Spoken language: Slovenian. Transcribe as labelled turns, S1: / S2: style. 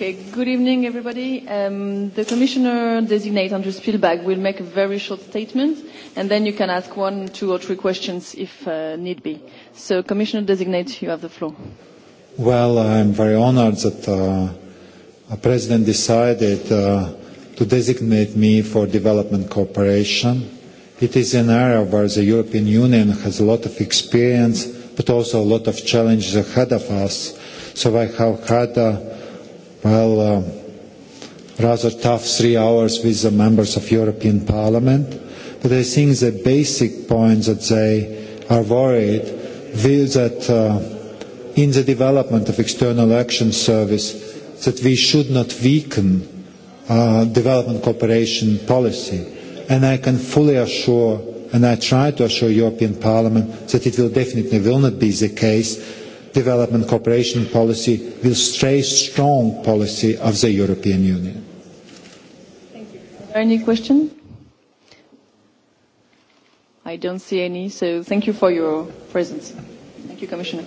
S1: Okay. Good evening, everybody. Um, the commissioner designate, Andrew Spielberg, will make a very short statement, and then you can ask one, two, or three questions if uh, need be. Commissioner designate, you have the floor.
S2: Well, I'm very honored that uh, our president decided uh, to designate me for development cooperation. It is an area where the European Union has a lot of experience, but also a lot of challenges ahead of us. I have had well, um, rather tough three hours with the members of European Parliament, but I think the basic points that they are worried will that uh, in the development of external action service that we should not weaken uh, development cooperation policy. And I can fully assure, and I try to assure European Parliament that it will definitely will not be the case, development cooperation policy will stay strong policy of the European Union.
S1: Thank you. Are there any questions? I don't see any, so thank you for your presence. Thank you, Commissioner.